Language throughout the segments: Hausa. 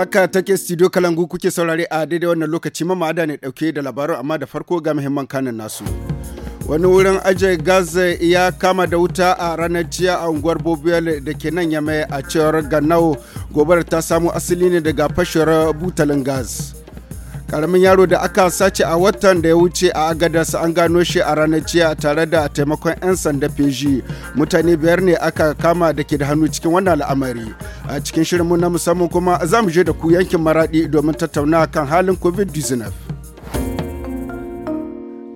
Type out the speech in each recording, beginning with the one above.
Aka take studio kalangu kuke saurare a daidai wannan lokaci mamada ne dauke da labaru amma da farko ga muhimman kanin nasu. Wani wurin ajiye gas ya kama da wuta a ranar jiya a unguwar Bobiyal da ke nan yamai a cewar Ganau gobar ta samu asali ne daga fashewar butalin gas. karamin yaro da aka sace a watan da ya wuce a agadarsa an gano shi a ranar jiya tare da taimakon 'yan sanda feji mutane biyar ne aka kama da ke da hannu cikin wannan al'amari a cikin shirinmu na musamman kuma za mu je da ku yankin maradi domin tattauna kan halin covid-19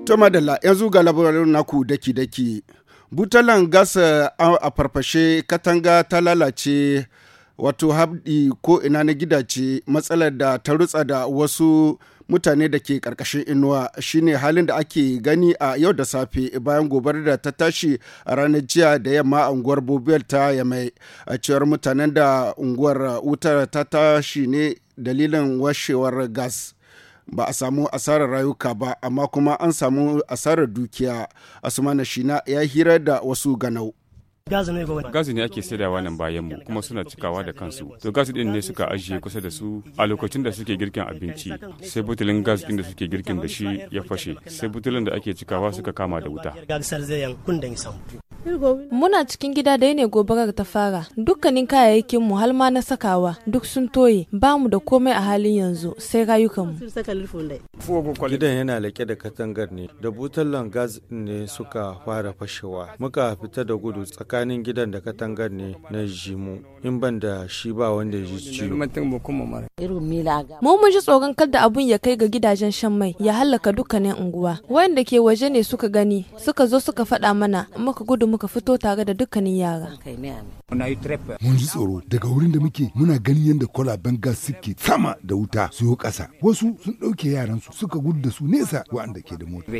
to yanzu ga labarin naku daki-daki butalan gas eh, a farfashe katanga ta lalace wato habdi ko ina na gidace matsalar da ta rutsa da wasu mutane da ke karkashin inuwa shine halin da ake gani a yau da safe bayan gobar da ta tashi a ranar jiya da yamma a unguwar bobiyar ta yamai a cewar mutanen da unguwar wutar ta tashi ne dalilin washewar gas ba a samu asarar rayuka ba amma kuma an samu asarar dukiya asuma na shina ya hira da wasu ganau Gazi ne ake saidawa nan bayan mu kuma suna cikawa da kansu. To gas din ne suka ajiye kusa da su a lokacin da suke girkin abinci. Sai butulin gas din da suke girkin da shi ya fashe. Sai butulin da ake cikawa suka kama da wuta. Muna cikin gida dai ne gobarar ta fara. Dukkanin mu har ma na sakawa duk sun toye. Ba mu da komai a halin yanzu sai rayukanmu. Gidan yana lake da katangar ne. Da butan gas ne suka fara fashewa. Muka fita da gudu tsakanin gidan da katangar ne na jimu. In ban da shi ba wanda ya ji ciwo. Mu mun ji tsoron kada abun ya kai ga gidajen shan mai ya hallaka dukkanin unguwa. wanda ke waje ne suka gani suka zo suka faɗa mana muka gudu muka fito tare da dukkanin yara. Mun ji tsoro daga wurin da muke muna ganin yadda kwalaben gas suke sama da wuta su yi ƙasa. Wasu sun ɗauke yaransu suka gudu da su nesa waɗanda ke da mota.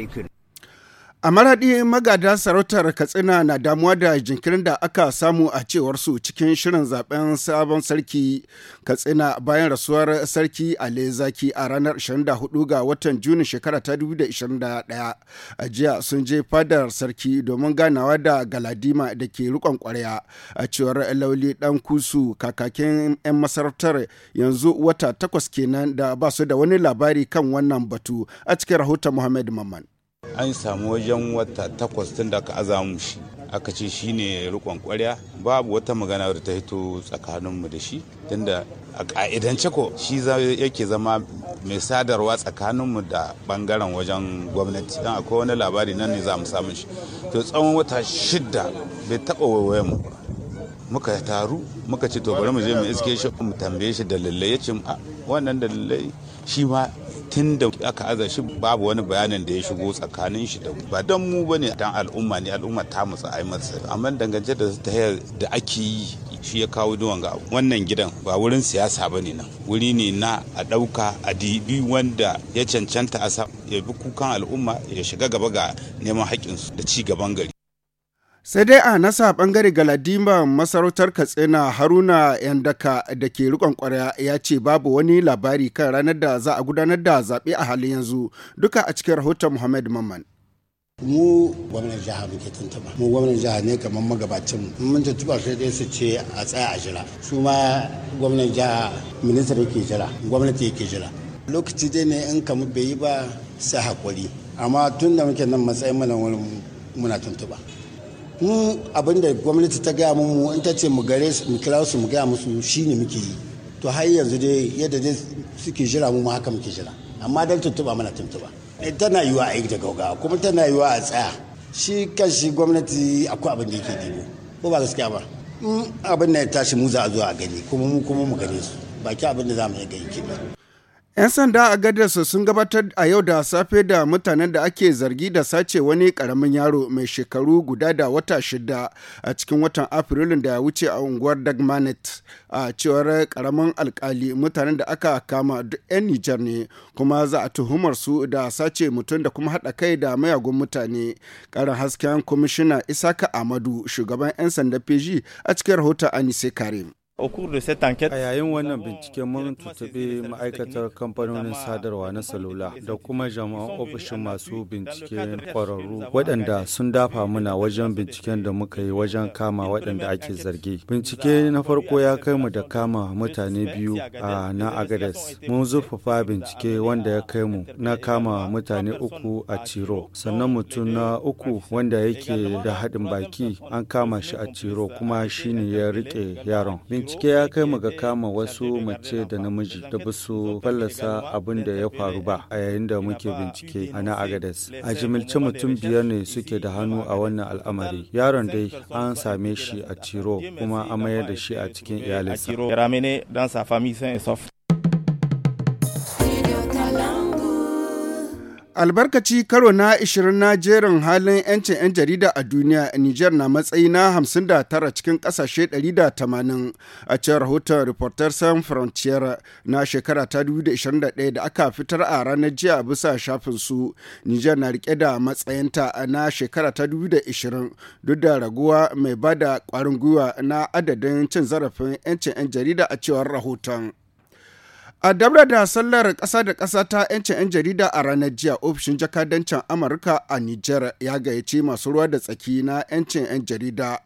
A maraɗi magada sarautar Katsina na damuwa da jinkirin da aka samu a cewar su cikin shirin zaben sabon sarki Katsina bayan rasuwar sarki Ale Zaki a ranar 24 ga watan Juni shekara ta 2021. A jiya sun je fadar sarki domin ganawa da Galadima da ke rikon kwarya a cewar Lauli Dan Kusu kakakin 'yan masarautar yanzu wata takwas kenan da ba su da wani labari kan wannan batu a cikin rahoton Muhammad Mamman. An samu wajen wata takwas tun da aka aza shi. Aka ce shi ne rikon kwarya babu wata magana da ta hito tsakaninmu da shi tunda a ka'idance ko shi yake zama mai sadarwa tsakaninmu da bangaren wajen gwamnati don akwai wani labari nan ne za mu samu shi to tsawon wata shidda bai taba waiwayen mu ba muka taru muka ce to bari mu je mu iske shi mu tambaye shi dalilai ya ce wannan dalilai shi ma tun da aka aza shi babu wani bayanin da ya shigo tsakanin shi da ba don mu ba ne dan al'umma ne al'umma ta musu a masa amma dangance da ta da ake yi shi ya kawo duwan ga wannan gidan ba wurin siyasa ba ne nan wuri ne na a ɗauka a dibi wanda ya cancanta a ya bi kukan al'umma ya shiga gaba ga neman haƙƙinsu da ci gaban gari sai dai a nasa bangare galadima masarautar katsina haruna yandaka da ke rikon kwarya ya ce babu wani labari kan ranar da za a gudanar da zaɓe a halin yanzu duka a cikin rahoton muhammad mamman mu gwamnan jiha muke tuntuba mu gwamnan jiha ne kamar magabacin mu mun tuntuba sai dai su ce a tsaya a jira su ma gwamnan jiha minista yake jira gwamnati yake jira lokaci dai ne in kamar bai yi ba sai hakuri amma tun da muke nan matsayin mana wani muna tuntuba mu abinda gwamnati ta gaya mu in ta ce mu gare su mu kira su mu gaya musu shine muke yi to har yanzu dai yadda dai suke jira mu haka muke jira amma dan tuntuba mana tuntuba eh, tana yiwa a yi da gaugawa kuma tana yiwa a tsaya shi kan shi gwamnati akwai abin da yake dibo ko ba gaskiya ba abin da ya tashi mu za a zo a gani kuma mu kuma mu gane su baki abin da za mu yi gani kenan 'Yan sanda a gadarsa sun gabatar a yau da safe da mutanen da ake zargi da sace wani karamin yaro mai shekaru guda da wata shida a cikin watan Afrilun da ya wuce a unguwar Dagmanet a cewar karamin alkali mutanen da aka kama duk 'yan Nijar ne kuma za a tuhumar su da sace mutum da kuma haɗa kai da mayagun mutane. Karin hasken kwamishina Isaka Amadu shugaban 'yan sanda PG a cikin rahoton Anise Karim. A yayin wannan bincike mun tuntuɓi ma'aikatar kamfanonin sadarwa na salula da kuma jama'an ofishin masu bincike kwararru waɗanda sun dafa muna wajen binciken da muka yi wajen kama waɗanda ake zargi. Bincike na farko ya kai mu da kama mutane biyu a na Agades. Mun zurfafa bincike wanda ya kai mu na kama mutane uku a Ciro. Sannan mutum na uku wanda yake da haɗin baki an kama shi a Ciro kuma shine ya riƙe yaron. bincike ya kai mu ga kama wasu mace da namiji da ba su fallasa abin da ya faru ba a yayin da muke bincike a na Agades. A jimilce mutum biyar ne suke da hannu a wannan al'amari. Yaron dai an same shi a Tiro kuma an mayar da shi a cikin iyalinsa. albarkaci karo na 20 na jerin halin 'yancin 'yan jarida a duniya Nijar na matsayi na 59 cikin kasashe 180 a cikin rahoton reporter san frontier na shekara ta 2021 da aka fitar a ranar jiya bisa shafin su Nijar na rike da matsayinta na shekara ta 2020 duk da raguwa mai bada kwarin gwiwa na adadin cin zarafin 'yancin 'yan jarida a cewar rahoton A dabra da sallar ƙasa da ƙasa ta 'yancin 'yan jarida a ranar jiya ofishin jakadancin Amurka a Nijar ya gayyace masu ruwa da tsaki na 'yancin 'yan jarida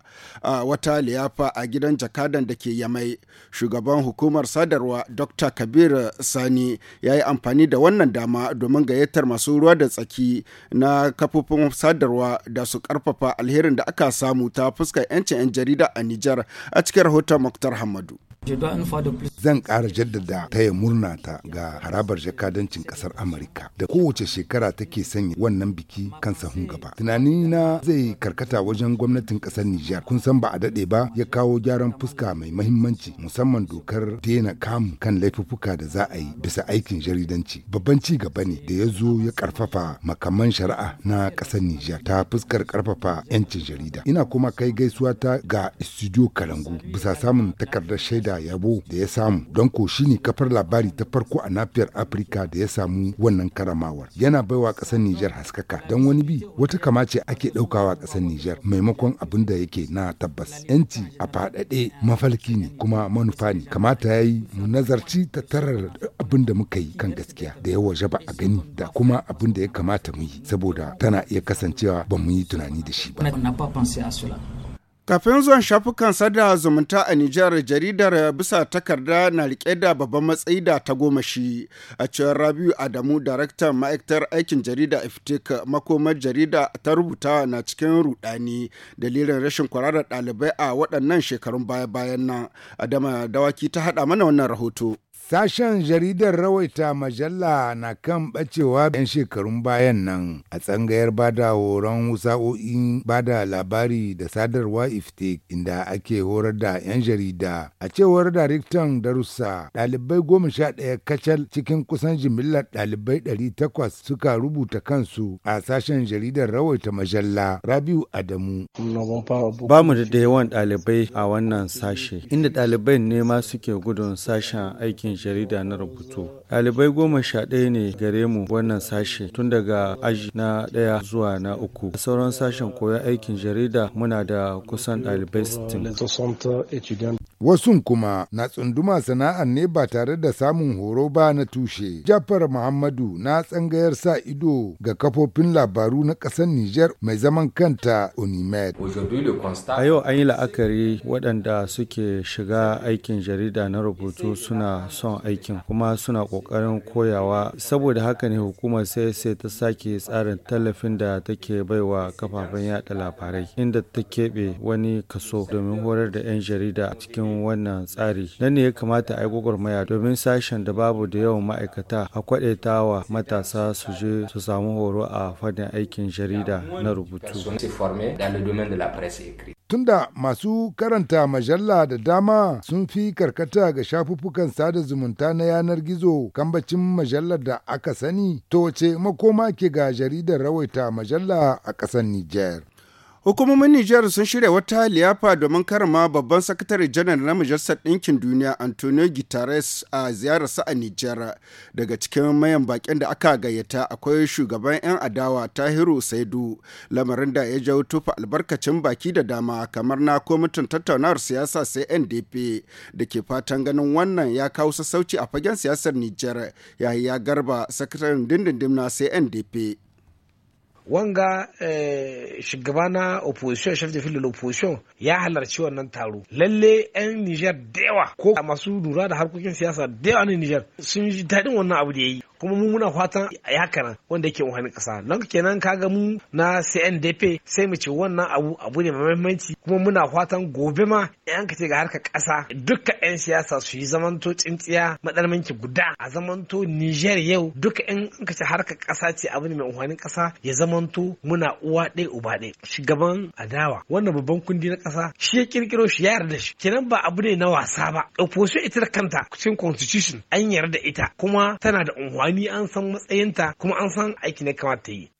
a wata liyafa a gidan jakadan da ke Yamai. Shugaban hukumar sadarwa Dr. Kabir Sani ya yi amfani da wannan dama domin gayyatar masu ruwa da tsaki na kafofin sadarwa da su karfafa alherin da aka samu ta fuskar 'yancin 'yan jarida a Nijar a cikin rahoton Muktar Hamadu. Zan ƙara jaddada taya murna ta ga harabar jakadancin ƙasar Amurka da kowace shekara take sanya wannan biki kan sahun gaba. na zai karkata wajen gwamnatin ƙasar Nijar. Kun san ba a daɗe ba ya kawo gyaran fuska mai mahimmanci musamman dokar daina kamu kan laifuffuka da za a yi bisa aikin jaridanci. Babban ci gaba ne da ya zo ya ƙarfafa makaman shari'a na ƙasar Nijar ta fuskar ƙarfafa 'yancin jarida. Ina kuma kai gaisuwa ta ga Studio Kalangu bisa samun takardar shaida yabo da ya samu don ko shine kafar labari ta farko a nafiyar Afirka da ya samu wannan karamawar. Yana baiwa ƙasar Nijar haskaka don wani bi wata kama ce ake ɗaukawa ƙasar Nijar maimakon abin da yake na tabbas. Yanci a faɗaɗe mafalki ne kuma manufa ne kamata yayi yi mu nazarci tattarar abin da muka yi kan gaskiya da ya waje ba a gani da kuma abin da ya kamata mu yi saboda tana iya kasancewa ba mu yi tunani da shi ba. Kafin zuwan shafukan sada zumunta a Nijar jaridar bisa takarda na rike da babban matsayi da ta goma shi a cewar Rabiu Adamu daraktan ma'aikatar aikin jarida Iftik makomar jarida ta rubuta na cikin rudani dalilin rashin kwararar ɗalibai a waɗannan shekarun baya-bayan nan. Adama Dawaki ta haɗa mana wannan rahoto. Sashen jaridar rawaita majalla na kan bacewa 'yan shekarun bayan nan a tsangayar bada horon sa'o'in bada labari da sadarwa iftik inda ake horar da 'yan jarida. A cewar daraktan darussa ɗalibai goma sha ɗaya kacal cikin kusan jimillar ɗalibai ɗari takwas suka rubuta kansu a sashen jaridar rawaita majalla Rabiu Adamu. Ba mu da yawan ɗalibai a wannan sashe, inda ɗalibai ne ma suke gudun sashen aikin jarida na rubutu. Ɗalibai goma sha ɗaya ne gare mu wannan sashe tun daga aji na ɗaya zuwa na uku. A sauran sashen koyon aikin jarida muna da kusan ɗalibai 60. wasun kuma na tsunduma sana'a ne ba tare da samun horo ba na tushe. Jafar Muhammadu na tsangayar sa ido ga kafofin labaru na ƙasar Nijar mai zaman kanta Unimed. A yau an yi la'akari waɗanda suke shiga aikin jarida na rubutu suna son aikin kuma suna ƙoƙarin koyawa saboda haka ne hukumar sai sai ta sake tsarin tallafin da take baiwa kafafen yada labarai inda ta keɓe wani kaso domin horar da 'yan jarida a cikin irin wannan tsari nan ne ya kamata a yi gwagwarmaya domin sashen da babu da yawan ma'aikata a kwadaita wa matasa su je su samu horo a fannin aikin jarida na rubutu tunda masu karanta majalla da dama sun fi karkata ga shafuffukan sada zumunta na yanar gizo kambacin majallar da aka sani to ce makoma ke ga jaridar rawaita majalla a ƙasar niger. Hukumomin Nijar sun shirya wata liyafa domin karama babban sakatare janar na Majalisar Ɗinkin Duniya Antonio Guterres a ziyararsa a Nijar. Daga cikin mayan bakin da aka gayyata akwai shugaban 'yan adawa Tahiru Saidu, lamarin da ya jawo tufa albarkacin baki da dama kamar na kwamitin tattaunawar siyasa sai NDP da ke fatan ganin wannan ya kawo sassauci a fagen siyasar Nijar, Yahaya Garba, sakataren dindindim na sai NDP. wanga eh, shugaba na opposition chef de file l'opposition ya halarci wannan taro lalle yan Niger da yawa ko masu lura da harkokin siyasa da yawa na Niger sun ji daɗin wannan abu da ya yi kuma mu muna fatan a yakaran wanda yake wani kasa nan kenan kaga mu na CNDP sai mu ce wannan abu abu ne mai kuma muna fatan gobe ma yan ka ce ga harkar kasa duka yan siyasa su yi zamanto tsintsiya madalmanki guda a zamanto Niger yau duka yan ka ce harkar kasa ce abu ne mai wani kasa ya zamanto muna uwa ɗaya uba ɗaya shugaban adawa wannan babban kundi na kasa shi ya kirkiro shi ya yarda shi kenan ba abu ne na wasa ba opposition ita da kanta cikin constitution an yarda ita kuma tana da unhuwa amfani an san matsayinta kuma an san aiki na kamata yi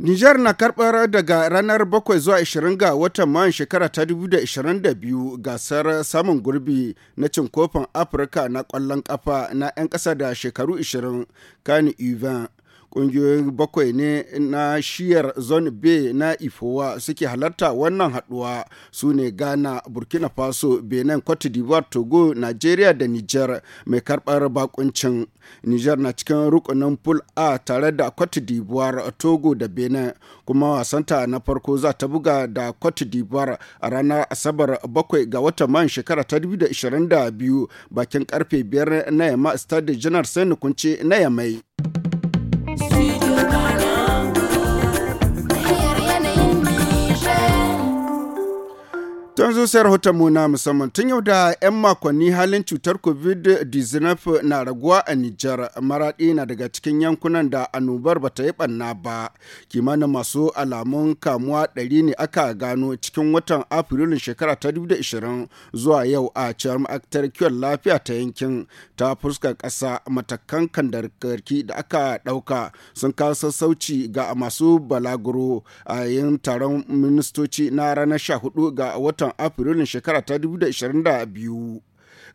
Nijar na karɓar daga ranar 7 zuwa 20 ga watan man shekara ta 2022 gasar samun gurbi na cin kofin Afirka na ƙwallon ƙafa na 'yan ƙasa da shekaru 20 kani Ivan. Ƙungiyoyi bakwai ne na shiyar Zone B na Ifowa suke halarta wannan haduwa su ne Ghana, Burkina Faso, Benin, Cote d'Ivoire, Togo, nigeria da niger mai karbar bakuncin. niger na cikin rukunin Pool A tare da Cote d'Ivoire, Togo da Benin kuma wasanta na farko za ta buga da Cote d'Ivoire a ranar Asabar bakwai ga watan man shekara ta 2022 bakin karfe biyar na yamma Stade Janar Sani Kunce na yamai. not my Don zuciyar mu na musamman tun yau da 'yan makonni halin cutar COVID-19 na raguwa a Nijar maraɗi na daga cikin yankunan da annobar ba ta yi ɓanna ba. Kimanin masu alamun kamuwa ɗari ne aka gano cikin watan Afrilun shekara ta 2020 zuwa yau a ciyar ma'aikatar kiwon lafiya ta yankin ta fuskar ƙasa matakan kandarkarki da aka ɗauka sun kawo sassauci ga masu balaguro a yin taron ministoci na ranar 14 ga watan Afrilun shekara ta 2022.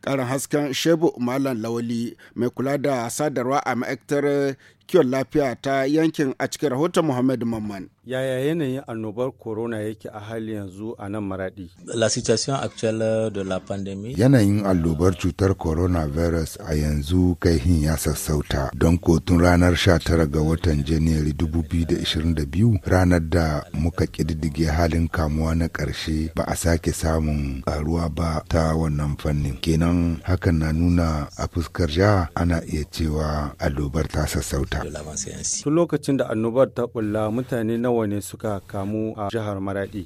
Karin hasken Shebu Malam Lawali mai kula da sadarwa a ma'aikatar kiwon lafiya ta yankin a cikin rahoton Muhammad Mamman. Yaya yanayin annobar corona yake a hali yanzu a nan maradi? La situation actuelle de la pandemie. Yanayin annobar cutar coronavirus a yanzu kai hin ya sassauta don kotun ranar 19 ga watan Janairu 2022 ranar da muka kididdige halin kamuwa na ƙarshe ba a sake samun ƙaruwa ba ta wannan fannin. Kenan hakan na nuna a fuskar ja ana iya cewa annobar ta sassauta. ta. Tun lokacin da annobar ta bulla mutane nawa ne suka kamu a jihar Maradi.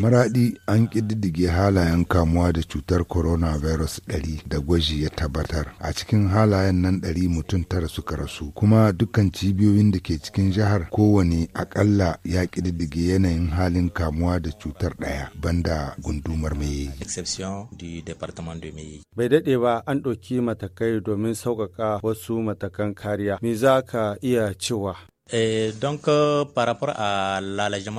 Maradi an kididdige halayen kamuwa da cutar coronavirus 100 da gwaji ya tabbatar. A cikin halayen nan 100 mutum tara suka rasu kuma dukkan cibiyoyin da ke cikin jihar kowane akalla ya kididdige yanayin halin kamuwa da cutar daya banda gundumar mai. Bai daɗe ba an ɗauki matakai domin sauƙaƙa wasu matakan kariya. za ka iya cewa? Eh, a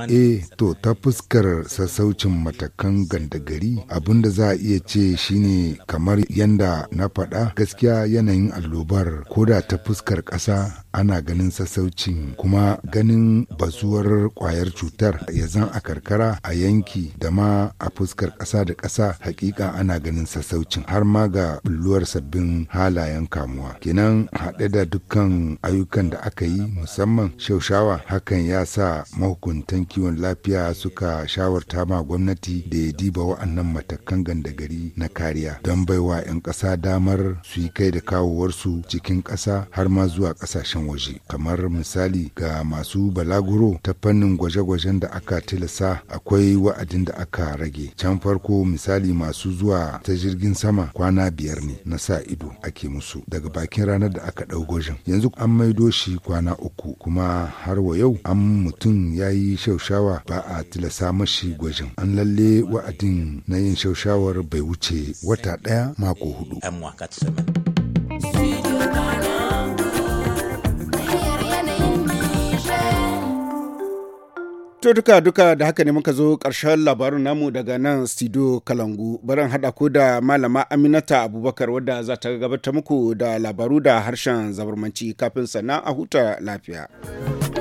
eh to ta fuskar sassaucin matakan gandagari abinda za a iya ce shine kamar yanda na faɗa gaskiya yanayin allobar koda ta fuskar ƙasa ana ganin sassaucin kuma ganin bazuwar kwayar cutar ya zan a karkara a yanki da ma a fuskar ƙasa da ƙasa hakika ana ganin sassaucin har ma ga bulluwar sabbin halayen kamuwa kenan haɗe da dukkan ayyukan da aka yi musamman musamman shaushawa hakan ya sa mahukuntan kiwon lafiya suka shawarta ma gwamnati da ya diba wa'annan matakan ganda gari na kariya don baiwa 'yan ƙasa damar su yi kai da kawowarsu cikin ƙasa har ma zuwa ƙasashen waje kamar misali ga masu balaguro ta fannin gwaje-gwajen da aka tilasa akwai wa'adin da aka rage can farko misali masu zuwa ta jirgin sama kwana biyar ne na sa ido ake musu daga bakin ranar da aka ɗau gwajin yanzu an maido shi kwana uku kuma har wa yau an mutum ya yi shaushawa ba a tilasa mashi gwajin an lalle wa'adin na yin shaushawar bai wuce wata ɗaya mako hudu. To duka duka da haka ne muka zo ƙarshen labarin namu daga nan studio Kalangu. Barin haɗa ko da malama Aminata Abubakar wadda za ta gabatar muku da labaru da harshen zabarmanci kafin sannan a huta lafiya.